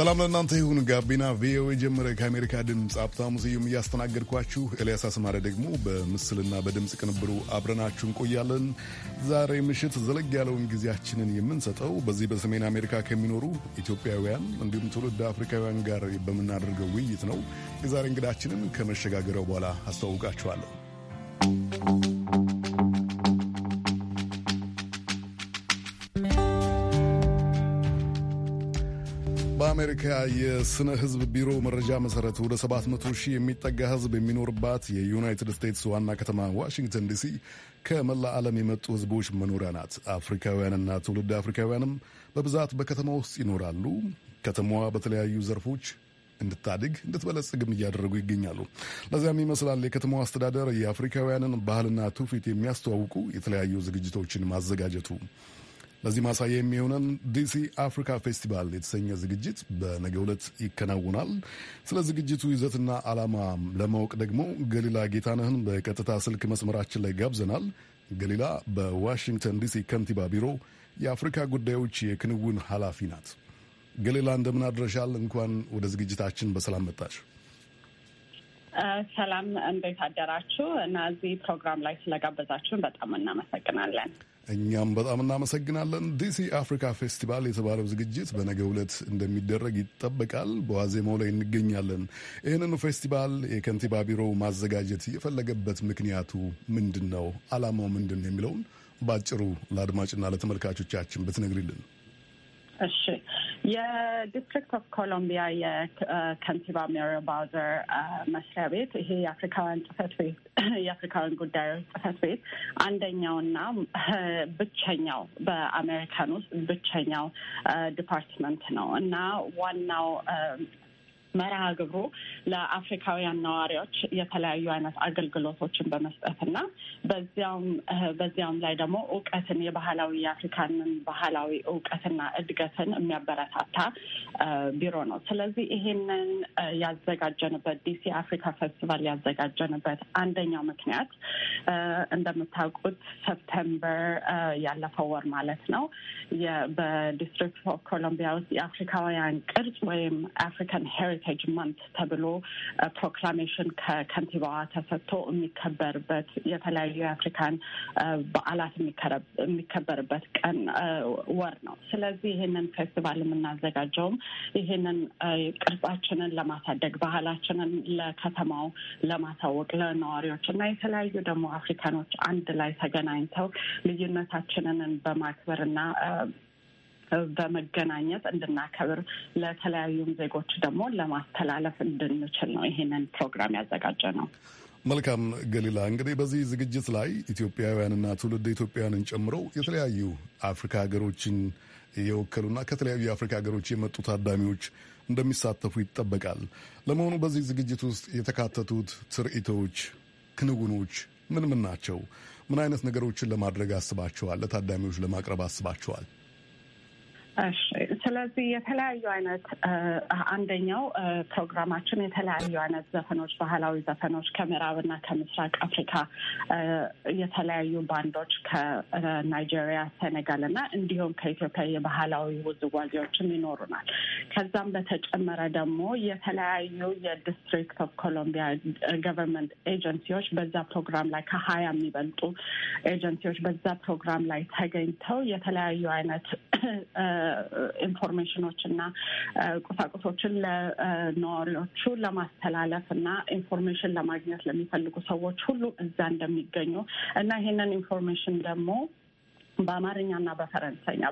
ሰላም ለእናንተ ይሁን። ጋቢና ቪኦኤ ጀመረ። ከአሜሪካ ድምፅ ሀብታሙ ስዩም እያስተናገድኳችሁ፣ ኤልያስ አስማሪ ደግሞ በምስልና በድምፅ ቅንብሩ አብረናችሁ እንቆያለን። ዛሬ ምሽት ዘለግ ያለውን ጊዜያችንን የምንሰጠው በዚህ በሰሜን አሜሪካ ከሚኖሩ ኢትዮጵያውያን እንዲሁም ትውልድ አፍሪካውያን ጋር በምናደርገው ውይይት ነው። የዛሬ እንግዳችንን ከመሸጋገሪያው በኋላ አስተዋውቃችኋለሁ። የአሜሪካ የስነ ህዝብ ቢሮ መረጃ መሰረት ወደ 700 ሺህ የሚጠጋ ህዝብ የሚኖርባት የዩናይትድ ስቴትስ ዋና ከተማ ዋሽንግተን ዲሲ ከመላ ዓለም የመጡ ህዝቦች መኖሪያ ናት። አፍሪካውያንና ትውልድ አፍሪካውያንም በብዛት በከተማ ውስጥ ይኖራሉ። ከተማዋ በተለያዩ ዘርፎች እንድታድግ እንድትበለጽግም እያደረጉ ይገኛሉ። ለዚያም ይመስላል የከተማዋ አስተዳደር የአፍሪካውያንን ባህልና ትውፊት የሚያስተዋውቁ የተለያዩ ዝግጅቶችን ማዘጋጀቱ። ለዚህ ማሳያ የሚሆነን ዲሲ አፍሪካ ፌስቲቫል የተሰኘ ዝግጅት በነገ ዕለት ይከናውናል። ስለ ዝግጅቱ ይዘትና ዓላማ ለማወቅ ደግሞ ገሊላ ጌታነህን በቀጥታ ስልክ መስመራችን ላይ ጋብዘናል። ገሊላ በዋሽንግተን ዲሲ ከንቲባ ቢሮ የአፍሪካ ጉዳዮች የክንውን ኃላፊ ናት። ገሊላ እንደምን አድረሻል? እንኳን ወደ ዝግጅታችን በሰላም መጣሽ። ሰላም፣ እንዴት አደራችሁ እና እዚህ ፕሮግራም ላይ ስለጋበዛችሁን በጣም እናመሰግናለን። እኛም በጣም እናመሰግናለን። ዲሲ አፍሪካ ፌስቲቫል የተባለው ዝግጅት በነገ ዕለት እንደሚደረግ ይጠበቃል። በዋዜማው ላይ እንገኛለን። ይህንኑ ፌስቲቫል የከንቲባ ቢሮ ማዘጋጀት የፈለገበት ምክንያቱ ምንድን ነው? ዓላማው ምንድን ነው የሚለውን በአጭሩ ለአድማጭና ለተመልካቾቻችን ብትነግሪልን። እሺ የዲስትሪክት ኦፍ ኮሎምቢያ የከንቲባ ሜሪ ባውዘር መስሪያ ቤት ይሄ የአፍሪካውያን ጽህፈት ቤት የአፍሪካውያን ጉዳዮች ጽህፈት ቤት አንደኛውና ብቸኛው በአሜሪካን ውስጥ ብቸኛው ዲፓርትመንት ነው እና ዋናው መርሃ ግብሩ ለአፍሪካውያን ነዋሪዎች የተለያዩ አይነት አገልግሎቶችን በመስጠትና በዚያውም በዚያውም ላይ ደግሞ እውቀትን የባህላዊ የአፍሪካንን ባህላዊ እውቀትና እድገትን የሚያበረታታ ቢሮ ነው። ስለዚህ ይሄንን ያዘጋጀንበት ዲሲ አፍሪካ ፌስቲቫል ያዘጋጀንበት አንደኛው ምክንያት እንደምታውቁት ሰፕተምበር ያለፈው ወር ማለት ነው በዲስትሪክት ኦፍ ኮሎምቢያ ውስጥ የአፍሪካውያን ቅርጽ ወይም አፍሪካን ሄሪ ሄሪቴጅ ማንት ተብሎ ፕሮክላሜሽን uh, ከከንቲባዋ ተሰጥቶ የሚከበርበት የተለያዩ የአፍሪካን uh, በዓላት የሚከበርበት ቀን uh, ወር ነው። ስለዚህ ይህንን ፌስቲቫል የምናዘጋጀውም ይህንን ቅርጻችንን ለማሳደግ ባህላችንን ለከተማው ለማሳወቅ ለነዋሪዎች እና የተለያዩ ደግሞ አፍሪካኖች አንድ ላይ ተገናኝተው ልዩነታችንን በማክበር እና በመገናኘት እንድናከብር ለተለያዩም ዜጎች ደግሞ ለማስተላለፍ እንድንችል ነው ይሄንን ፕሮግራም ያዘጋጀ ነው። መልካም ገሊላ፣ እንግዲህ በዚህ ዝግጅት ላይ ኢትዮጵያውያንና ትውልድ ኢትዮጵያውያንን ጨምሮ የተለያዩ አፍሪካ ሀገሮችን የወከሉና ከተለያዩ የአፍሪካ ሀገሮች የመጡ ታዳሚዎች እንደሚሳተፉ ይጠበቃል። ለመሆኑ በዚህ ዝግጅት ውስጥ የተካተቱት ትርኢቶች፣ ክንውኖች ምን ምን ናቸው? ምን አይነት ነገሮችን ለማድረግ አስባችኋል? ለታዳሚዎች ለማቅረብ አስባችኋል? 哎，谁 ስለዚህ የተለያዩ አይነት አንደኛው ፕሮግራማችን የተለያዩ አይነት ዘፈኖች፣ ባህላዊ ዘፈኖች ከምዕራብና ከምስራቅ አፍሪካ የተለያዩ ባንዶች ከናይጄሪያ፣ ሴኔጋል እና እንዲሁም ከኢትዮጵያ የባህላዊ ውዝዋዜዎችም ይኖሩናል። ከዛም በተጨመረ ደግሞ የተለያዩ የዲስትሪክት ኦፍ ኮሎምቢያ ገቨርንመንት ኤጀንሲዎች በዛ ፕሮግራም ላይ ከሀያ የሚበልጡ ኤጀንሲዎች በዛ ፕሮግራም ላይ ተገኝተው የተለያዩ አይነት ኢንፎርሜሽኖች እና ቁሳቁሶችን ለነዋሪዎቹ ለማስተላለፍ እና ኢንፎርሜሽን ለማግኘት ለሚፈልጉ ሰዎች ሁሉ እዛ እንደሚገኙ እና ይሄንን ኢንፎርሜሽን ደግሞ በአማርኛና በፈረንሳይኛ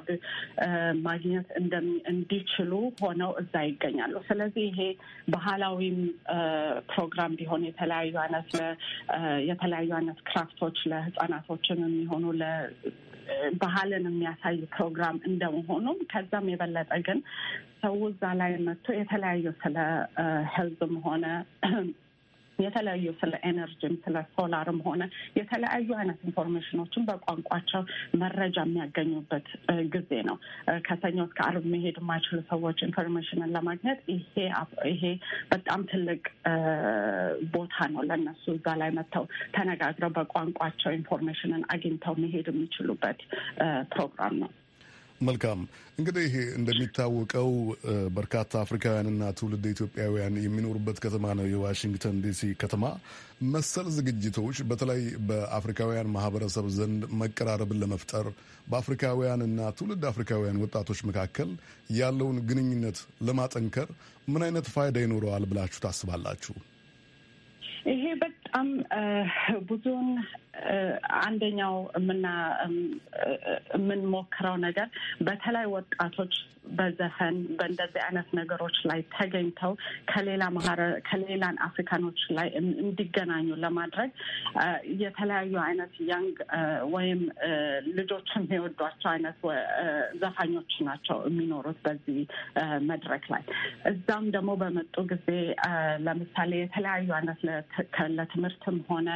ማግኘት እንዲችሉ ሆነው እዛ ይገኛሉ። ስለዚህ ይሄ ባህላዊም ፕሮግራም ቢሆን የተለያዩ አይነት የተለያዩ አይነት ክራፍቶች ለህጻናቶችም የሚሆኑ ባህልን የሚያሳይ ፕሮግራም እንደመሆኑም ከዛም የበለጠ ግን ሰው እዛ ላይ መጥቶ የተለያዩ ስለ ህዝብም ሆነ የተለያዩ ስለ ኤነርጂም ስለ ሶላርም ሆነ የተለያዩ አይነት ኢንፎርሜሽኖችን በቋንቋቸው መረጃ የሚያገኙበት ጊዜ ነው። ከሰኞ እስከ አርብ መሄድ የማይችሉ ሰዎች ኢንፎርሜሽንን ለማግኘት ይሄ ይሄ በጣም ትልቅ ቦታ ነው ለእነሱ እዛ ላይ መጥተው ተነጋግረው በቋንቋቸው ኢንፎርሜሽንን አግኝተው መሄድ የሚችሉበት ፕሮግራም ነው። መልካም እንግዲህ እንደሚታወቀው በርካታ አፍሪካውያንና ትውልድ ኢትዮጵያውያን የሚኖሩበት ከተማ ነው የዋሽንግተን ዲሲ ከተማ። መሰል ዝግጅቶች በተለይ በአፍሪካውያን ማህበረሰብ ዘንድ መቀራረብን ለመፍጠር በአፍሪካውያንና ትውልድ አፍሪካውያን ወጣቶች መካከል ያለውን ግንኙነት ለማጠንከር ምን አይነት ፋይዳ ይኖረዋል ብላችሁ ታስባላችሁ? ይሄ በጣም ብዙውን አንደኛው የምና የምንሞክረው ነገር በተለይ ወጣቶች በዘፈን በእንደዚህ አይነት ነገሮች ላይ ተገኝተው ከሌላ ማረ ከሌላን አፍሪካኖች ላይ እንዲገናኙ ለማድረግ የተለያዩ አይነት ያንግ ወይም ልጆች የሚወዷቸው አይነት ዘፋኞች ናቸው የሚኖሩት በዚህ መድረክ ላይ። እዛም ደግሞ በመጡ ጊዜ ለምሳሌ የተለያዩ አይነት ለትምህርትም ሆነ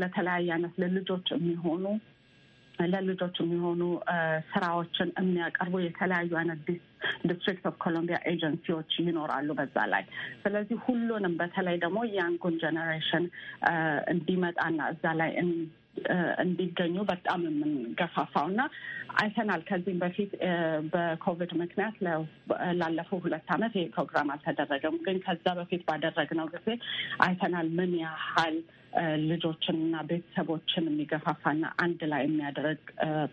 ለተለያየ አይነት ለልጆች የሚሆኑ ለልጆች የሚሆኑ ስራዎችን የሚያቀርቡ የተለያዩ አይነት ዲስትሪክት ኦፍ ኮሎምቢያ ኤጀንሲዎች ይኖራሉ በዛ ላይ። ስለዚህ ሁሉንም በተለይ ደግሞ ያንጉን ጀኔሬሽን እንዲመጣና እዛ ላይ እንዲገኙ በጣም የምንገፋፋው እና አይተናል። ከዚህም በፊት በኮቪድ ምክንያት ላለፈው ሁለት ዓመት ይሄ ፕሮግራም አልተደረገም፣ ግን ከዛ በፊት ባደረግነው ጊዜ አይተናል ምን ያህል ልጆችንና ቤተሰቦችን የሚገፋፋና አንድ ላይ የሚያደርግ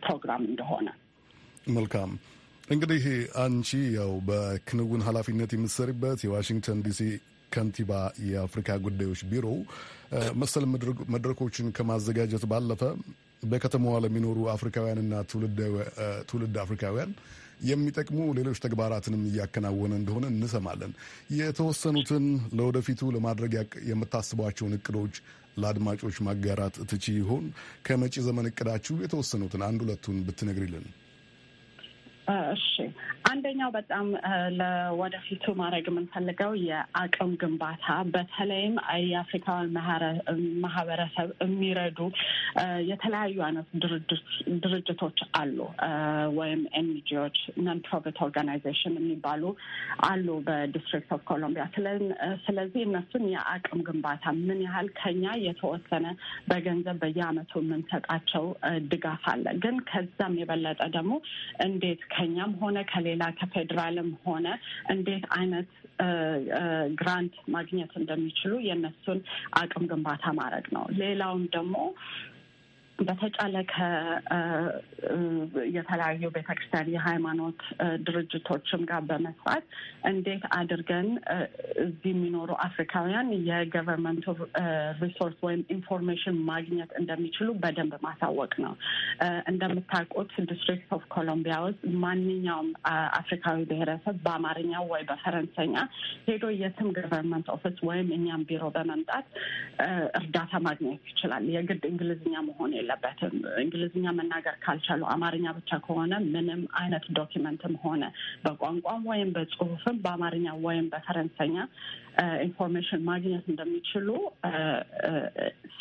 ፕሮግራም እንደሆነ። መልካም እንግዲህ አንቺ ያው በክንውን ኃላፊነት የምትሰሪበት የዋሽንግተን ዲሲ ከንቲባ የአፍሪካ ጉዳዮች ቢሮ መሰል መድረኮችን ከማዘጋጀት ባለፈ በከተማዋ ለሚኖሩ አፍሪካውያንና ትውልድ አፍሪካውያን የሚጠቅሙ ሌሎች ተግባራትንም እያከናወነ እንደሆነ እንሰማለን። የተወሰኑትን ለወደፊቱ ለማድረግ የምታስቧቸውን እቅዶች ለአድማጮች ማጋራት ትቺ ይሆን? ከመጪ ዘመን እቅዳችሁ የተወሰኑትን አንድ ሁለቱን ብትነግሪልን። እሺ አንደኛው በጣም ለወደፊቱ ማድረግ የምንፈልገው የአቅም ግንባታ በተለይም የአፍሪካውያን ማህበረሰብ የሚረዱ የተለያዩ አይነት ድርጅቶች አሉ፣ ወይም ኤንጂዎች ነን ፕሮፊት ኦርጋናይዜሽን የሚባሉ አሉ በዲስትሪክት ኦፍ ኮሎምቢያ። ስለዚህ እነሱን የአቅም ግንባታ ምን ያህል ከኛ የተወሰነ በገንዘብ በየአመቱ የምንሰጣቸው ድጋፍ አለ፣ ግን ከዛም የበለጠ ደግሞ እንዴት ከኛም ሆነ ከሌላ ከፌዴራልም ሆነ እንዴት አይነት ግራንት ማግኘት እንደሚችሉ የእነሱን አቅም ግንባታ ማድረግ ነው። ሌላውም ደግሞ በተጫለ የተለያዩ ቤተክርስቲያን የሃይማኖት ድርጅቶችም ጋር በመስራት እንዴት አድርገን እዚህ የሚኖሩ አፍሪካውያን የገቨርንመንቱ ሪሶርስ ወይም ኢንፎርሜሽን ማግኘት እንደሚችሉ በደንብ ማሳወቅ ነው። እንደምታውቁት ዲስትሪክት ኦፍ ኮሎምቢያ ውስጥ ማንኛውም አፍሪካዊ ብሔረሰብ በአማርኛ ወይ በፈረንሰኛ ሄዶ የትም ገቨርንመንት ኦፊስ ወይም እኛም ቢሮ በመምጣት እርዳታ ማግኘት ይችላል። የግድ እንግሊዝኛ መሆን የለበትም። እንግሊዝኛ መናገር ካልቻሉ አማርኛ ብቻ ከሆነ ምንም አይነት ዶኪመንትም ሆነ በቋንቋም ወይም በጽሁፍም በአማርኛ ወይም በፈረንሳኛ ኢንፎርሜሽን ማግኘት እንደሚችሉ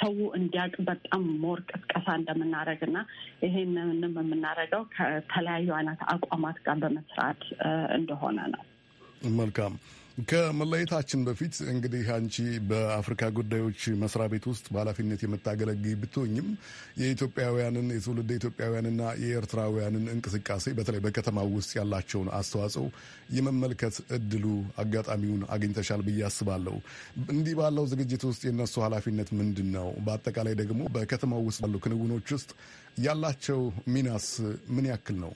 ሰው እንዲያውቅ በጣም ሞር ቅስቀሳ እንደምናደርግ እና ይሄንንም የምናደርገው ከተለያዩ አይነት አቋማት ጋር በመስራት እንደሆነ ነው። መልካም ከመለየታችን በፊት እንግዲህ አንቺ በአፍሪካ ጉዳዮች መስሪያ ቤት ውስጥ በኃላፊነት የምታገለግይ ብትሆኝም የኢትዮጵያውያንን የትውልድ ኢትዮጵያውያንና የኤርትራውያንን እንቅስቃሴ በተለይ በከተማ ውስጥ ያላቸውን አስተዋጽኦ የመመልከት እድሉ አጋጣሚውን አግኝተሻል ብዬ አስባለሁ። እንዲህ ባለው ዝግጅት ውስጥ የነሱ ኃላፊነት ምንድን ነው? በአጠቃላይ ደግሞ በከተማ ውስጥ ባሉ ክንውኖች ውስጥ ያላቸው ሚናስ ምን ያክል ነው?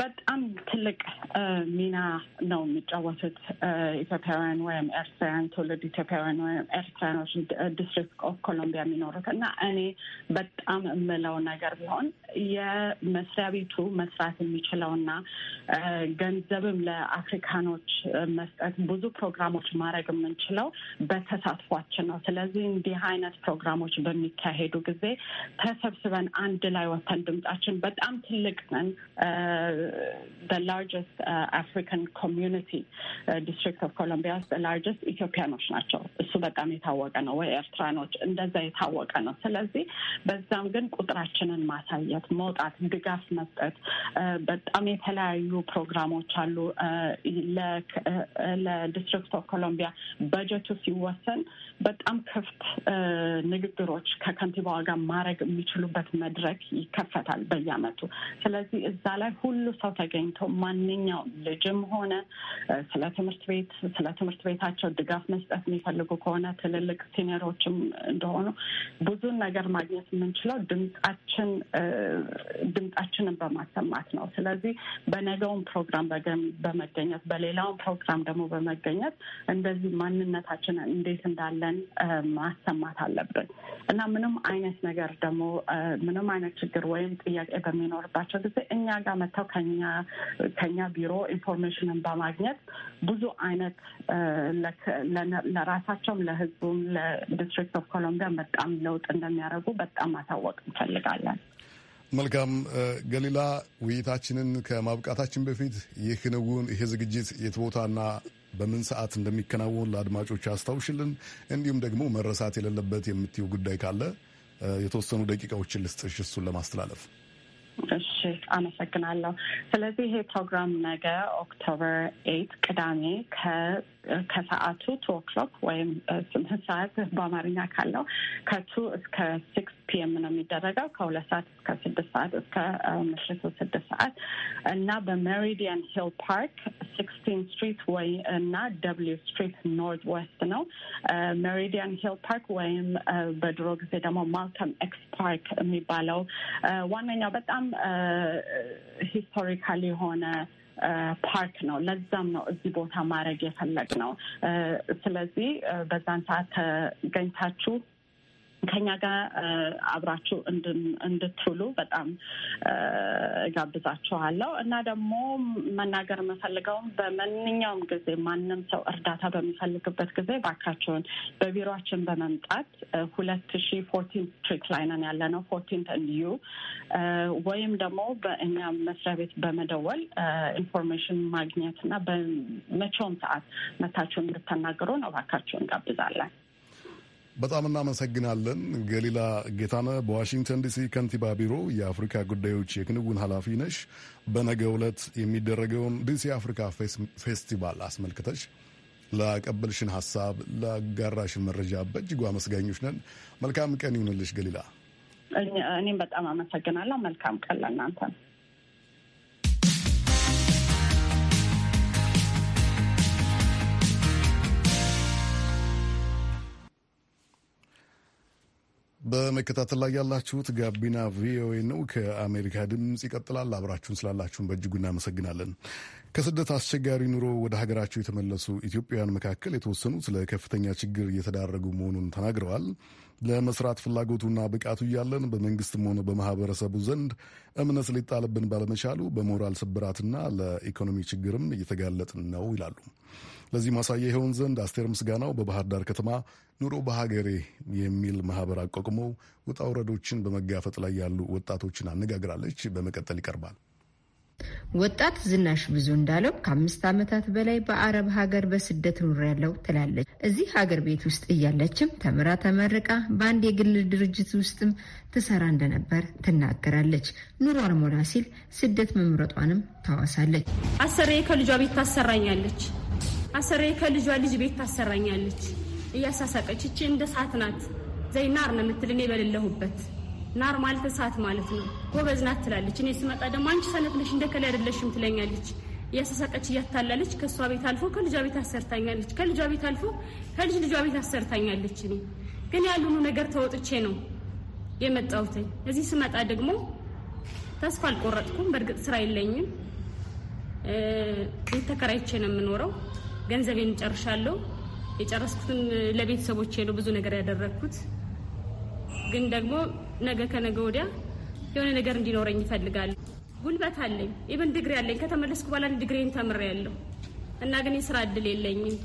በጣም ትልቅ ሚና ነው የሚጫወቱት ኢትዮጵያውያን ወይም ኤርትራውያን ትውልድ ኢትዮጵያውያን ወይም ኤርትራኖች ዲስትሪክት ኦፍ ኮሎምቢያ የሚኖሩት እና እኔ በጣም የምለው ነገር ቢሆን የመስሪያ ቤቱ መስራት የሚችለውና ገንዘብም ለአፍሪካኖች መስጠት ብዙ ፕሮግራሞች ማድረግ የምንችለው በተሳትፏችን ነው። ስለዚህ እንዲህ አይነት ፕሮግራሞች በሚካሄዱ ጊዜ ተሰብስበን አንድ ላይ ወተን ድምጻችን በጣም ትልቅ ነን። ላርጀስት አፍሪካን ኮሚዩኒቲ ዲስትሪክት ኦፍ ኮሎምቢያ ውስጥ ላርጀስት ኢትዮጵያኖች ናቸው። እሱ በጣም የታወቀ ነው፣ ወይ ኤርትራኖች እንደዛ የታወቀ ነው። ስለዚህ በዛም ግን ቁጥራችንን ማሳየት መውጣት ድጋፍ መስጠት በጣም የተለያዩ ፕሮግራሞች አሉ። ለዲስትሪክት ኦፍ ኮሎምቢያ በጀቱ ሲወሰን በጣም ክፍት ንግግሮች ከከንቲባዋ ጋር ማድረግ የሚችሉበት መድረክ ይከፈታል በየአመቱ ስለዚህ እዛ ላይ ሁሉ ሰው ተገኝቶ ማንኛውም ልጅም ሆነ ስለ ትምህርት ቤት ስለ ትምህርት ቤታቸው ድጋፍ መስጠት የሚፈልጉ ከሆነ ትልልቅ ሲኒሮችም እንደሆኑ ብዙን ነገር ማግኘት የምንችለው ድምጻችን ድምጻችንን በማሰማት ነው። ስለዚህ በነገውን ፕሮግራም በመገኘት በሌላውን ፕሮግራም ደግሞ በመገኘት እንደዚህ ማንነታችንን እንዴት እንዳለን ብለን ማሰማት አለብን እና ምንም አይነት ነገር ደግሞ ምንም አይነት ችግር ወይም ጥያቄ በሚኖርባቸው ጊዜ እኛ ጋር መጥተው ከኛ ቢሮ ኢንፎርሜሽንን በማግኘት ብዙ አይነት ለራሳቸውም ለህዝቡም ለዲስትሪክት ኦፍ ኮሎምቢያ በጣም ለውጥ እንደሚያደርጉ በጣም ማሳወቅ እንፈልጋለን። መልካም ገሊላ፣ ውይይታችንን ከማብቃታችን በፊት ይህ ክንውን ይሄ ዝግጅት የት ቦታና በምን ሰዓት እንደሚከናወን ለአድማጮች አስታውሽልን። እንዲሁም ደግሞ መረሳት የሌለበት የምትይው ጉዳይ ካለ የተወሰኑ ደቂቃዎችን ልስጥሽ እሱን ለማስተላለፍ። እሺ አመሰግናለሁ። ስለዚህ ይሄ ፕሮግራም ነገ ኦክቶበር ኤይት ቅዳሜ ከሰዓቱ ቱ ኦክሎክ ወይም ስምንት ሰዓት በአማርኛ ካለው ከቱ እስከ ሲክስ ፒኤም ነው የሚደረገው ከሁለት ሰዓት እስከ ስድስት ሰዓት እስከ ምሽቱ ስድስት ሰዓት እና በሜሪዲያን ሂል ፓርክ ሲክስቲን ስትሪት ወይ እና ደብሊው ስትሪት ኖርት ዌስት ነው። ሜሪዲያን ሂል ፓርክ ወይም በድሮ ጊዜ ደግሞ ማልከም ኤክስ ፓርክ የሚባለው ዋነኛው በጣም ሂስቶሪካል የሆነ ፓርክ ነው። ለዛም ነው እዚህ ቦታ ማድረግ የፈለግ ነው። ስለዚህ በዛን ሰዓት ተገኝታችሁ ከኛ ጋር አብራችሁ እንድትውሉ በጣም ጋብዛችኋለሁ እና ደግሞ መናገር የምፈልገውም በማንኛውም ጊዜ ማንም ሰው እርዳታ በሚፈልግበት ጊዜ ባካችሁን በቢሮችን በመምጣት ሁለት ሺ ፎርቲን ስትሪት ላይ ነን ያለ ነው ፎርቲንት ዩ ወይም ደግሞ በእኛ መስሪያ ቤት በመደወል ኢንፎርሜሽን ማግኘት እና በመቼውም ሰዓት መታችሁን እንድተናገሩ ነው ባካችሁን ጋብዛለን። በጣም እናመሰግናለን ገሊላ ጌታነ በዋሽንግተን ዲሲ ከንቲባ ቢሮ የአፍሪካ ጉዳዮች የክንውን ኃላፊ ነሽ። በነገ ዕለት የሚደረገውን ዲሲ አፍሪካ ፌስቲቫል አስመልክተሽ ለቀበልሽን ሀሳብ፣ ለጋራሽን መረጃ በእጅጉ አመስጋኞች ነን። መልካም ቀን ይሁንልሽ ገሊላ። እኔም በጣም አመሰግናለሁ። መልካም ቀን ለእናንተ። በመከታተል ላይ ያላችሁት ጋቢና ቪኦኤ ነው፣ ከአሜሪካ ድምፅ ይቀጥላል። አብራችሁን ስላላችሁን በእጅጉ እናመሰግናለን። ከስደት አስቸጋሪ ኑሮ ወደ ሀገራቸው የተመለሱ ኢትዮጵያውያን መካከል የተወሰኑት ለከፍተኛ ችግር እየተዳረጉ መሆኑን ተናግረዋል። ለመስራት ፍላጎቱና ብቃቱ እያለን በመንግስትም ሆነ በማህበረሰቡ ዘንድ እምነት ሊጣልብን ባለመቻሉ በሞራል ስብራትና ለኢኮኖሚ ችግርም እየተጋለጥን ነው ይላሉ። ለዚህ ማሳያ ይሆን ዘንድ አስቴር ምስጋናው በባህር ዳር ከተማ ኑሮ በሀገሬ የሚል ማህበር አቋቁመው ውጣ ውረዶችን በመጋፈጥ ላይ ያሉ ወጣቶችን አነጋግራለች። በመቀጠል ይቀርባል። ወጣት ዝናሽ ብዙ እንዳለው ከአምስት ዓመታት በላይ በአረብ ሀገር በስደት ያለው ትላለች። እዚህ ሀገር ቤት ውስጥ እያለችም ተምራ ተመርቃ በአንድ የግል ድርጅት ውስጥም ትሰራ እንደነበር ትናገራለች። ኑሮ አልሞላ ሲል ስደት መምረጧንም ታዋሳለች። አሰሬ ከልጇ ቤት ታሰራኛለች። አሰሬ ከልጇ ልጅ ቤት ታሰራኛለች። እያሳሳቀች እቺ እንደ ሰዓት ናት ዘይናር ነው የምትል እኔ በሌለሁበት ናር ማለት ማለት ነው። ጎበዝ ናት ትላለች። እኔ ስመጣ ደግሞ አንቺ ሰነፍ ነሽ እንደከላይ አይደለሽም ትለኛለች። እያሰሳቀች እያታላለች ከእሷ ቤት አልፎ ከልጇ ቤት አሰርታኛለች። ከልጇ ቤት አልፎ ከልጅ ልጇ ቤት አሰርታኛለች። እኔ ግን ያሉኑ ነገር ተወጥቼ ነው የመጣሁት። እዚህ ስመጣ ደግሞ ተስፋ አልቆረጥኩም። በእርግጥ ስራ የለኝም። ቤት ተከራይቼ ነው የምኖረው። ገንዘቤን እጨርሻለሁ። የጨረስኩትን ለቤተሰቦቼ ነው ብዙ ነገር ያደረግኩት። ግን ደግሞ ነገ ከነገ ወዲያ የሆነ ነገር እንዲኖረኝ ይፈልጋሉ ጉልበት አለኝ፣ ኢብን ድግሪ አለኝ። ከተመለስኩ በኋላ ተምር ተምሬያለሁ እና ግን የስራ እድል የለኝም።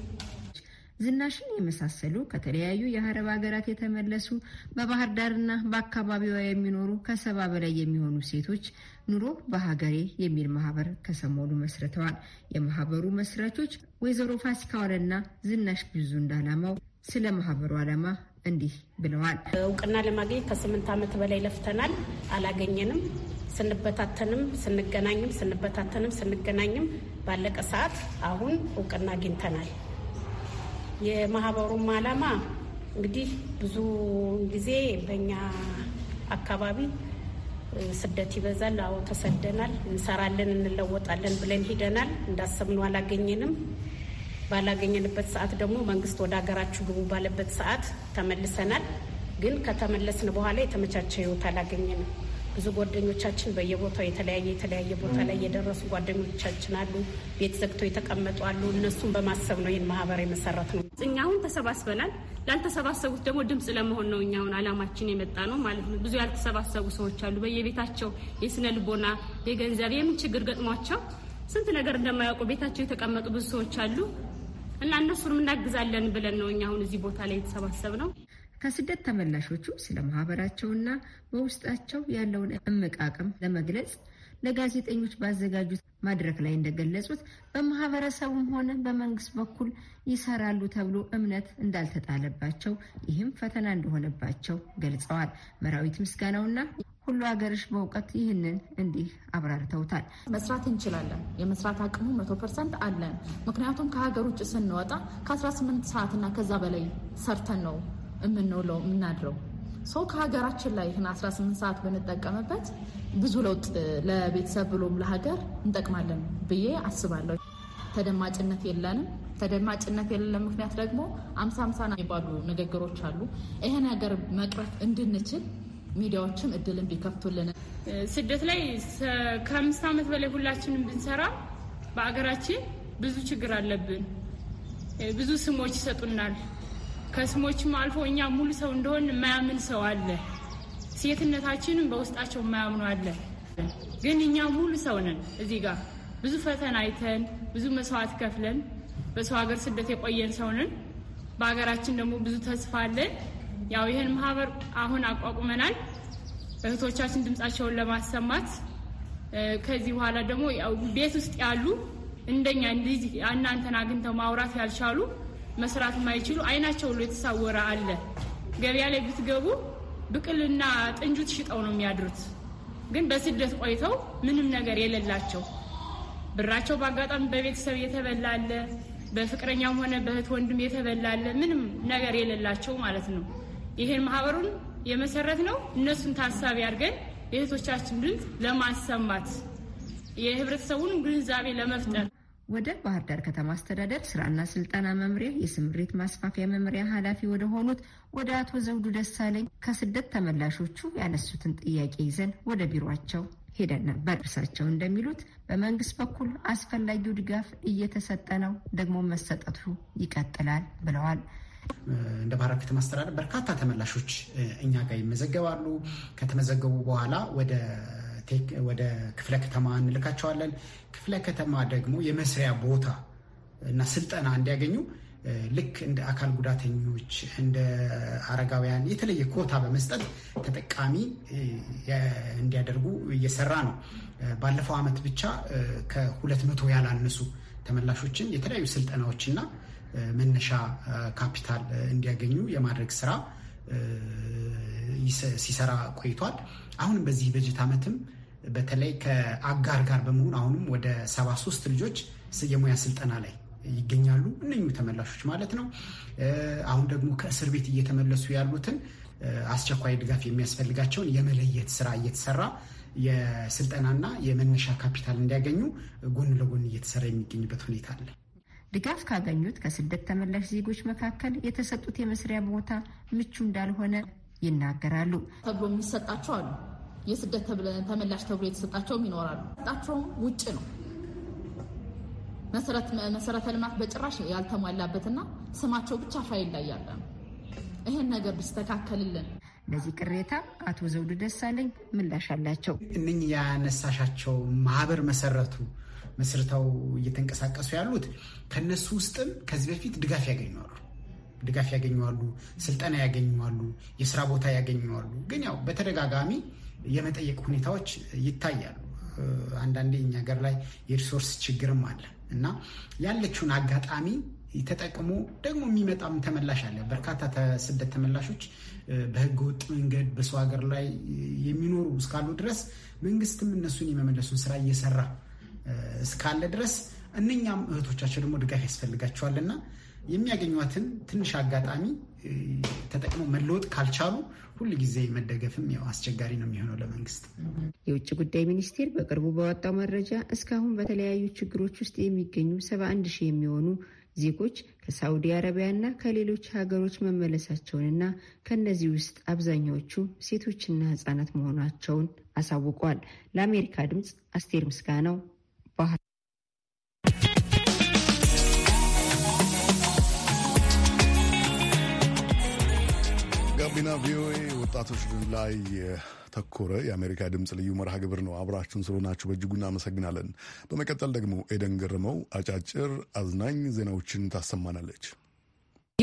ዝናሽን የመሳሰሉ ከተለያዩ የአረብ ሀገራት የተመለሱ በባህር ዳርና በአካባቢዋ የሚኖሩ ከሰባ በላይ የሚሆኑ ሴቶች ኑሮ በሀገሬ የሚል ማህበር ከሰሞኑ መስርተዋል። የማህበሩ መስራቾች ወይዘሮ ፋሲካ ዋለና ዝናሽ ብዙ እንዳላማው ስለ ማህበሩ ዓላማ እንዲህ ብለዋል። እውቅና ለማግኘት ከስምንት ዓመት በላይ ለፍተናል፣ አላገኘንም። ስንበታተንም ስንገናኝም ስንበታተንም ስንገናኝም ባለቀ ሰዓት አሁን እውቅና አግኝተናል። የማህበሩም ዓላማ እንግዲህ ብዙ ጊዜ በእኛ አካባቢ ስደት ይበዛል። አዎ ተሰደናል፣ እንሰራለን፣ እንለወጣለን ብለን ሂደናል። እንዳሰብነው አላገኘንም። ባላገኘንበት ሰዓት ደግሞ መንግስት ወደ ሀገራችሁ ግቡ ባለበት ሰዓት ተመልሰናል። ግን ከተመለስን በኋላ የተመቻቸ ህይወት አላገኘንም። ብዙ ጓደኞቻችን በየቦታው የተለያየ የተለያየ ቦታ ላይ የደረሱ ጓደኞቻችን አሉ። ቤት ዘግተው የተቀመጡ አሉ። እነሱን በማሰብ ነው ይህን ማህበር የመሰረት ነው። እኛ አሁን ተሰባስበናል። ላልተሰባሰቡት ደግሞ ድምፅ ለመሆን ነው እኛ አሁን አላማችን የመጣ ነው ማለት ነው። ብዙ ያልተሰባሰቡ ሰዎች አሉ። በየቤታቸው የስነ ልቦና፣ የገንዘብ፣ የምን ችግር ገጥሟቸው ስንት ነገር እንደማያውቁ ቤታቸው የተቀመጡ ብዙ ሰዎች አሉ። እና እነሱንም እናግዛለን ብለን ነው እኛ አሁን እዚህ ቦታ ላይ የተሰባሰብ ነው። ከስደት ተመላሾቹ ስለ ማህበራቸውና በውስጣቸው ያለውን እምቅ አቅም ለመግለጽ ለጋዜጠኞች ባዘጋጁት መድረክ ላይ እንደገለጹት በማህበረሰቡም ሆነ በመንግስት በኩል ይሰራሉ ተብሎ እምነት እንዳልተጣለባቸው ይህም ፈተና እንደሆነባቸው ገልጸዋል። መራዊት ምስጋናውና ሁሉ ሀገርሽ በእውቀት ይህንን እንዲህ አብራርተውታል። መስራት እንችላለን። የመስራት አቅሙ መቶ ፐርሰንት አለን። ምክንያቱም ከሀገር ውጭ ስንወጣ ከ18 ሰዓትና ከዛ በላይ ሰርተን ነው የምንውለው የምናድረው ሰው ከሀገራችን ላይ ይህን 18 ሰዓት ብንጠቀምበት ብዙ ለውጥ ለቤተሰብ ብሎም ለሀገር እንጠቅማለን ብዬ አስባለሁ። ተደማጭነት የለንም። ተደማጭነት የሌለን ምክንያት ደግሞ አምሳ አምሳ የሚባሉ ንግግሮች አሉ። ይህን ሀገር መቅረፍ እንድንችል ሚዲያዎችም እድል እንዲከፍቱልን ስደት ላይ ከአምስት ዓመት በላይ ሁላችንም ብንሰራ በአገራችን ብዙ ችግር አለብን። ብዙ ስሞች ይሰጡናል። ከስሞችም አልፎ እኛ ሙሉ ሰው እንደሆን የማያምን ሰው አለ። ሴትነታችንን በውስጣቸው የማያምኑ አለ። ግን እኛም ሙሉ ሰው ነን። እዚህ ጋር ብዙ ፈተና አይተን ብዙ መስዋዕት ከፍለን በሰው ሀገር ስደት የቆየን ሰው ነን። በሀገራችን ደግሞ ብዙ ተስፋ አለን። ያው ይህን ማህበር አሁን አቋቁመናል እህቶቻችን ድምጻቸውን ለማሰማት ከዚህ በኋላ ደግሞ ቤት ውስጥ ያሉ እንደኛ እናንተን አግኝተው ማውራት ያልቻሉ መስራት የማይችሉ አይናቸው ሁሉ የተሳወረ አለ። ገበያ ላይ ብትገቡ ብቅልና ጥንጁት ሽጠው ነው የሚያድሩት። ግን በስደት ቆይተው ምንም ነገር የሌላቸው ብራቸው በአጋጣሚ በቤተሰብ የተበላለ በፍቅረኛም ሆነ በእህት ወንድም የተበላለ ምንም ነገር የሌላቸው ማለት ነው። ይሄን ማህበሩን የመሰረት ነው እነሱን ታሳቢ አድርገን የእህቶቻችን ድምፅ ለማሰማት የህብረተሰቡን ግንዛቤ ለመፍጠር ወደ ባህር ዳር ከተማ አስተዳደር ስራና ስልጠና መምሪያ የስምሪት ማስፋፊያ መምሪያ ኃላፊ ወደ ሆኑት ወደ አቶ ዘውዱ ደሳለኝ ከስደት ተመላሾቹ ያነሱትን ጥያቄ ይዘን ወደ ቢሯቸው ሄደን ነበር። እርሳቸው እንደሚሉት በመንግስት በኩል አስፈላጊው ድጋፍ እየተሰጠ ነው፣ ደግሞ መሰጠቱ ይቀጥላል ብለዋል። እንደ ባህር ዳር ከተማ አስተዳደር በርካታ ተመላሾች እኛ ጋር ይመዘገባሉ። ከተመዘገቡ በኋላ ወደ ወደ ክፍለ ከተማ እንልካቸዋለን። ክፍለ ከተማ ደግሞ የመስሪያ ቦታ እና ስልጠና እንዲያገኙ ልክ እንደ አካል ጉዳተኞች እንደ አረጋውያን የተለየ ኮታ በመስጠት ተጠቃሚ እንዲያደርጉ እየሰራ ነው። ባለፈው ዓመት ብቻ ከሁለት መቶ ያላነሱ ተመላሾችን የተለያዩ ስልጠናዎችና መነሻ ካፒታል እንዲያገኙ የማድረግ ስራ ሲሰራ ቆይቷል። አሁንም በዚህ በጀት ዓመትም በተለይ ከአጋር ጋር በመሆን አሁንም ወደ 73 ልጆች የሙያ ስልጠና ላይ ይገኛሉ። እነኙ ተመላሾች ማለት ነው። አሁን ደግሞ ከእስር ቤት እየተመለሱ ያሉትን አስቸኳይ ድጋፍ የሚያስፈልጋቸውን የመለየት ስራ እየተሰራ የስልጠናና የመነሻ ካፒታል እንዲያገኙ ጎን ለጎን እየተሰራ የሚገኝበት ሁኔታ አለ። ድጋፍ ካገኙት ከስደት ተመላሽ ዜጎች መካከል የተሰጡት የመስሪያ ቦታ ምቹ እንዳልሆነ ይናገራሉ። ተብሎ የሚሰጣቸው አሉ የስደት ተመላሽ ተብሎ የተሰጣቸውም ይኖራሉ። ጣቸውም ውጭ ነው። መሰረተ ልማት በጭራሽ ያልተሟላበትና ስማቸው ብቻ ፋይል ላይ ያለ ነው። ይህን ነገር ብስተካከልልን። ለዚህ ቅሬታ አቶ ዘውዱ ደሳለኝ ምላሽ አላቸው። እነኚህ ያነሳሻቸው ማህበር መሰረቱ መስርተው እየተንቀሳቀሱ ያሉት ከነሱ ውስጥም ከዚህ በፊት ድጋፍ ያገኘዋሉ ድጋፍ ያገኘዋሉ፣ ስልጠና ያገኘዋሉ፣ የስራ ቦታ ያገኘዋሉ። ግን ያው በተደጋጋሚ የመጠየቅ ሁኔታዎች ይታያሉ። አንዳንዴ እኛ ሀገር ላይ የሪሶርስ ችግርም አለ እና ያለችውን አጋጣሚ ተጠቅሞ ደግሞ የሚመጣም ተመላሽ አለ። በርካታ ስደት ተመላሾች በህገ ወጥ መንገድ በሰው ሀገር ላይ የሚኖሩ እስካሉ ድረስ መንግስትም እነሱን የመመለሱን ስራ እየሰራ እስካለ ድረስ እነኛም እህቶቻቸው ደግሞ ድጋፍ ያስፈልጋቸዋልና የሚያገኟትን ትንሽ አጋጣሚ ተጠቅመው መለወጥ ካልቻሉ ጊዜ መደገፍም ያው አስቸጋሪ ነው የሚሆነው ለመንግስት። የውጭ ጉዳይ ሚኒስቴር በቅርቡ በወጣው መረጃ እስካሁን በተለያዩ ችግሮች ውስጥ የሚገኙ 71 ሺህ የሚሆኑ ዜጎች አረቢያ አረቢያና ከሌሎች ሀገሮች መመለሳቸውንና ከእነዚህ ውስጥ አብዛኛዎቹ ሴቶችና ህጻናት መሆናቸውን አሳውቋል። ለአሜሪካ ድምፅ አስቴር ምስጋናው ወጣቶች ላይ ተኮረ የአሜሪካ ድምፅ ልዩ መርሃ ግብር ነው። አብራችሁን ስለሆናችሁ በእጅጉ እናመሰግናለን። በመቀጠል ደግሞ ኤደን ገረመው አጫጭር አዝናኝ ዜናዎችን ታሰማናለች።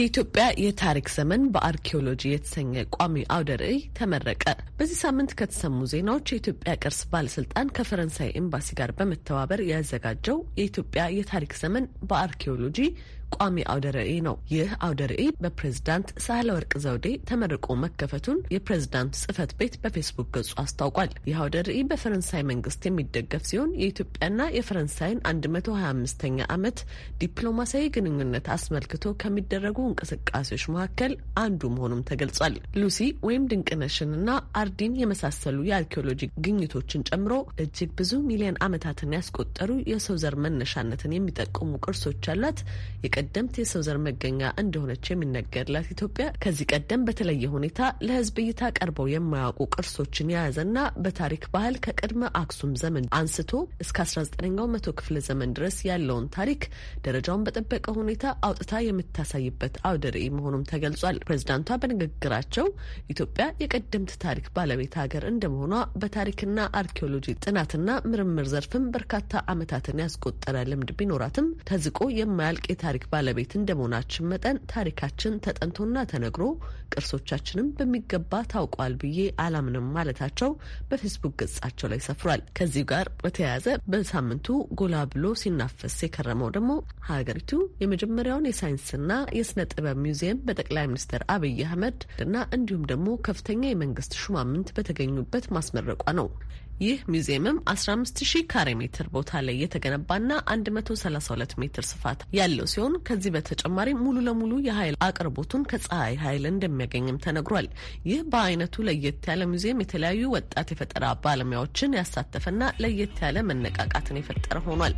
የኢትዮጵያ የታሪክ ዘመን በአርኪኦሎጂ የተሰኘ ቋሚ አውደ ርዕይ ተመረቀ። በዚህ ሳምንት ከተሰሙ ዜናዎች የኢትዮጵያ ቅርስ ባለስልጣን ከፈረንሳይ ኤምባሲ ጋር በመተባበር ያዘጋጀው የኢትዮጵያ የታሪክ ዘመን በአርኪኦሎጂ ቋሚ አውደ ርዕይ ነው። ይህ አውደ ርዕይ በፕሬዝዳንት ሳህለ ወርቅ ዘውዴ ተመርቆ መከፈቱን የፕሬዝዳንት ጽህፈት ቤት በፌስቡክ ገጹ አስታውቋል። ይህ አውደ ርዕይ በፈረንሳይ መንግስት የሚደገፍ ሲሆን የኢትዮጵያና የፈረንሳይን 125ኛ ዓመት ዲፕሎማሲያዊ ግንኙነት አስመልክቶ ከሚደረጉ እንቅስቃሴዎች መካከል አንዱ መሆኑም ተገልጿል። ሉሲ ወይም ድንቅነሽንና አርዲን የመሳሰሉ የአርኪኦሎጂ ግኝቶችን ጨምሮ እጅግ ብዙ ሚሊዮን ዓመታትን ያስቆጠሩ የሰው ዘር መነሻነትን የሚጠቁሙ ቅርሶች ያሏት ቀደምት የሰው ዘር መገኛ እንደሆነች የሚነገርላት ኢትዮጵያ ከዚህ ቀደም በተለየ ሁኔታ ለሕዝብ እይታ ቀርበው የማያውቁ ቅርሶችን የያዘና በታሪክ ባህል ከቅድመ አክሱም ዘመን አንስቶ እስከ 19ኛው መቶ ክፍለ ዘመን ድረስ ያለውን ታሪክ ደረጃውን በጠበቀ ሁኔታ አውጥታ የምታሳይበት አውደ ርዕይ መሆኑም ተገልጿል። ፕሬዚዳንቷ በንግግራቸው ኢትዮጵያ የቀደምት ታሪክ ባለቤት ሀገር እንደመሆኗ በታሪክና አርኪኦሎጂ ጥናትና ምርምር ዘርፍም በርካታ ዓመታትን ያስቆጠረ ልምድ ቢኖራትም ተዝቆ የማያልቅ የታሪክ ባለቤት እንደመሆናችን መጠን ታሪካችን ተጠንቶና ተነግሮ ቅርሶቻችንም በሚገባ ታውቋል ብዬ አላምንም ማለታቸው በፌስቡክ ገጻቸው ላይ ሰፍሯል። ከዚሁ ጋር በተያያዘ በሳምንቱ ጎላ ብሎ ሲናፈስ የከረመው ደግሞ ሀገሪቱ የመጀመሪያውን የሳይንስና የስነ ጥበብ ሚውዚየም በጠቅላይ ሚኒስትር አብይ አህመድ እና እንዲሁም ደግሞ ከፍተኛ የመንግስት ሹማምንት በተገኙበት ማስመረቋ ነው። ይህ ሙዚየምም ሺ ካሬ ሜትር ቦታ ላይ የተገነባና 132 ሜትር ስፋት ያለው ሲሆን ከዚህ በተጨማሪ ሙሉ ለሙሉ የኃይል አቅርቦቱን ከፀሐይ ኃይል እንደሚያገኝም ተነግሯል። ይህ በአይነቱ ለየት ያለ ሙዚየም የተለያዩ ወጣት የፈጠራ ባለሙያዎችን ያሳተፈና ለየት ያለ መነቃቃትን የፈጠረ ሆኗል።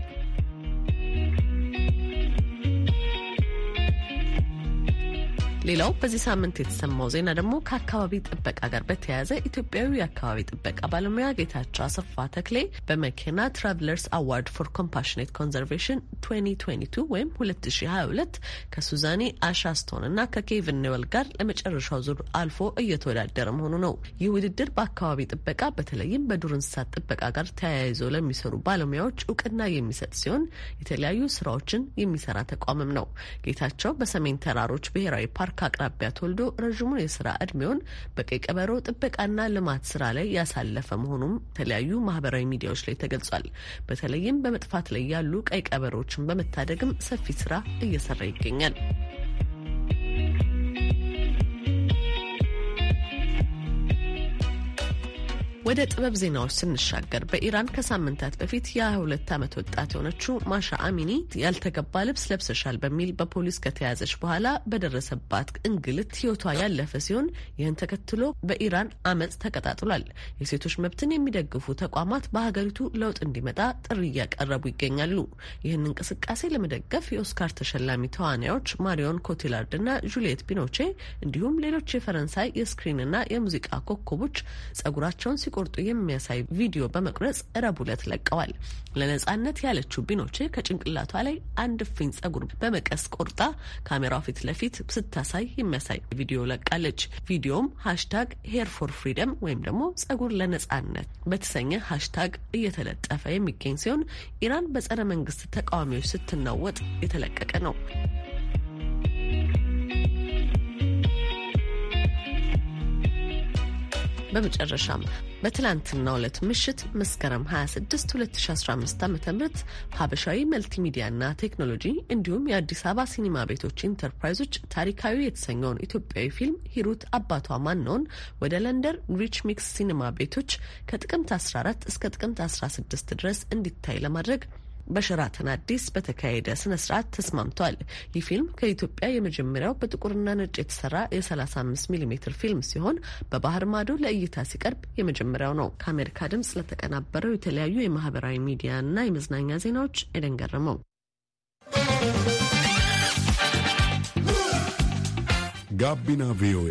ሌላው በዚህ ሳምንት የተሰማው ዜና ደግሞ ከአካባቢ ጥበቃ ጋር በተያያዘ ኢትዮጵያዊ የአካባቢ ጥበቃ ባለሙያ ጌታቸው አሰፋ ተክሌ በመኪና ትራቭለርስ አዋርድ ፎር ኮምፓሽኔት ኮንዘርቬሽን 2022 ወይም 2022 ከሱዛኒ አሻስቶን እና ከኬቪን ኔወል ጋር ለመጨረሻው ዙር አልፎ እየተወዳደረ መሆኑ ነው። ይህ ውድድር በአካባቢ ጥበቃ በተለይም በዱር እንስሳት ጥበቃ ጋር ተያይዞ ለሚሰሩ ባለሙያዎች እውቅና የሚሰጥ ሲሆን የተለያዩ ስራዎችን የሚሰራ ተቋምም ነው። ጌታቸው በሰሜን ተራሮች ብሔራዊ ፓርክ ከአቅራቢያ ተወልዶ ረዥሙን የስራ እድሜውን በቀይ ቀበሮ ጥበቃና ልማት ስራ ላይ ያሳለፈ መሆኑም የተለያዩ ማህበራዊ ሚዲያዎች ላይ ተገልጿል። በተለይም በመጥፋት ላይ ያሉ ቀይ ቀበሮዎችን በመታደግም ሰፊ ስራ እየሰራ ይገኛል። ወደ ጥበብ ዜናዎች ስንሻገር በኢራን ከሳምንታት በፊት የ22 ዓመት ወጣት የሆነችው ማሻ አሚኒ ያልተገባ ልብስ ለብሰሻል በሚል በፖሊስ ከተያዘች በኋላ በደረሰባት እንግልት ሕይወቷ ያለፈ ሲሆን ይህን ተከትሎ በኢራን አመፅ ተቀጣጥሏል። የሴቶች መብትን የሚደግፉ ተቋማት በሀገሪቱ ለውጥ እንዲመጣ ጥሪ እያቀረቡ ይገኛሉ። ይህን እንቅስቃሴ ለመደገፍ የኦስካር ተሸላሚ ተዋናዮች ማሪዮን ኮቲላርድ እና ጁልየት ፒኖቼ እንዲሁም ሌሎች የፈረንሳይ የስክሪን እና የሙዚቃ ኮከቦች ጸጉራቸውን ሲቆ ሲቆርጡ የሚያሳይ ቪዲዮ በመቁረጽ ረቡዕ ዕለት ለቀዋል። ለነጻነት ያለችው ቢኖቼ ከጭንቅላቷ ላይ አንድ ፍኝ ጸጉር በመቀስ ቆርጣ ካሜራው ፊት ለፊት ስታሳይ የሚያሳይ ቪዲዮ ለቃለች። ቪዲዮም ሃሽታግ ሄር ፎር ፍሪደም ወይም ደግሞ ጸጉር ለነጻነት በተሰኘ ሃሽታግ እየተለጠፈ የሚገኝ ሲሆን ኢራን በጸረ መንግስት ተቃዋሚዎች ስትናወጥ የተለቀቀ ነው። በመጨረሻም በትላንትና ዕለት ምሽት መስከረም 26 2015 ዓ ም ሀበሻዊ መልቲሚዲያና ቴክኖሎጂ እንዲሁም የአዲስ አበባ ሲኒማ ቤቶች ኢንተርፕራይዞች ታሪካዊ የተሰኘውን ኢትዮጵያዊ ፊልም ሂሩት አባቷ ማነውን ወደ ለንደን ሪች ሚክስ ሲኒማ ቤቶች ከጥቅምት 14 እስከ ጥቅምት 16 ድረስ እንዲታይ ለማድረግ በሸራተን አዲስ በተካሄደ ስነ ስርዓት ተስማምቷል። ይህ ፊልም ከኢትዮጵያ የመጀመሪያው በጥቁርና ነጭ የተሰራ የ35 ሚሜ ፊልም ሲሆን በባህር ማዶ ለእይታ ሲቀርብ የመጀመሪያው ነው። ከአሜሪካ ድምጽ ለተቀናበረው የተለያዩ የማህበራዊ ሚዲያና የመዝናኛ ዜናዎች ኤደን ገረመው። ጋቢና ቪኦኤ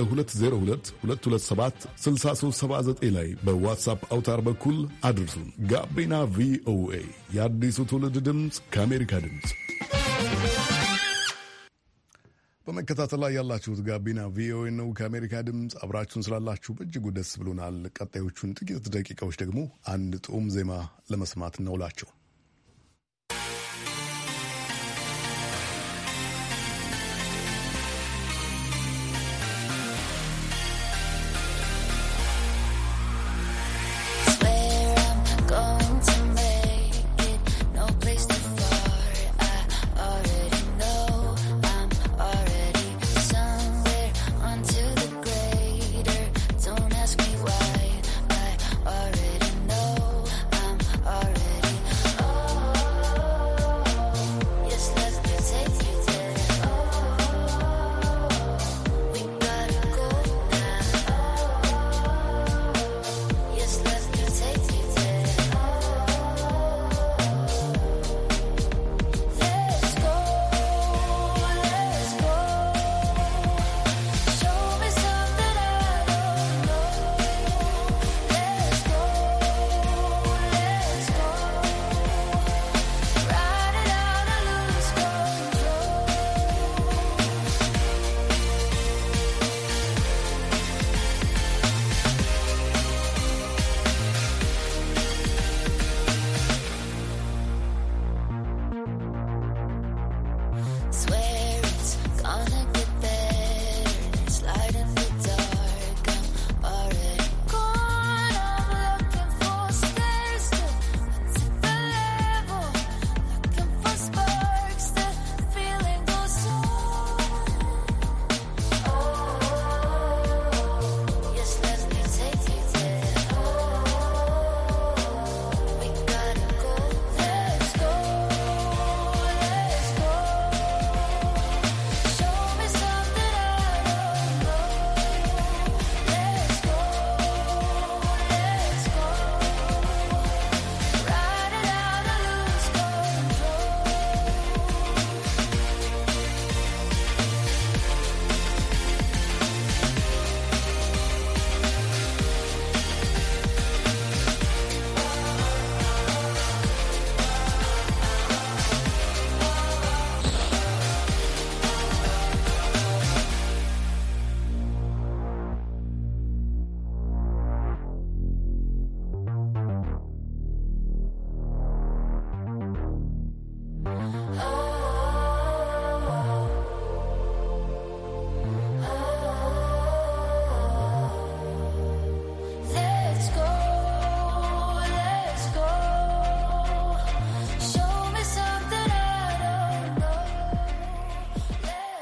በ ላይ በዋትሳፕ አውታር በኩል አድርሱን። ጋቢና ቪኦኤ የአዲሱ ትውልድ ድምፅ ከአሜሪካ ድምፅ በመከታተል ላይ ያላችሁት ጋቢና ቪኦኤ ነው። ከአሜሪካ ድምፅ አብራችሁን ስላላችሁ በእጅጉ ደስ ብሎናል። ቀጣዮቹን ጥቂት ደቂቃዎች ደግሞ አንድ ጥዑም ዜማ ለመስማት እናውላቸው።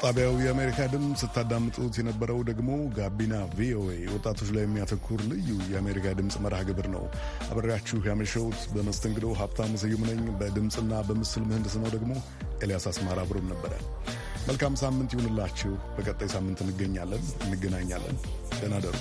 ጣቢያው የአሜሪካ ድምፅ ስታዳምጡት የነበረው ደግሞ ጋቢና ቪኦኤ ወጣቶች ላይ የሚያተኩር ልዩ የአሜሪካ ድምፅ መርሃ ግብር ነው። አብሬያችሁ ያመሸሁት በመስተንግዶ ሀብታሙ ስዩም ነኝ። በድምፅና በምስል ነው ደግሞ ኤልያስ አስማራ አብሮን ነበረ። መልካም ሳምንት ይሁንላችሁ። በቀጣይ ሳምንት እንገኛለን እንገናኛለን። ደህና ደሩ።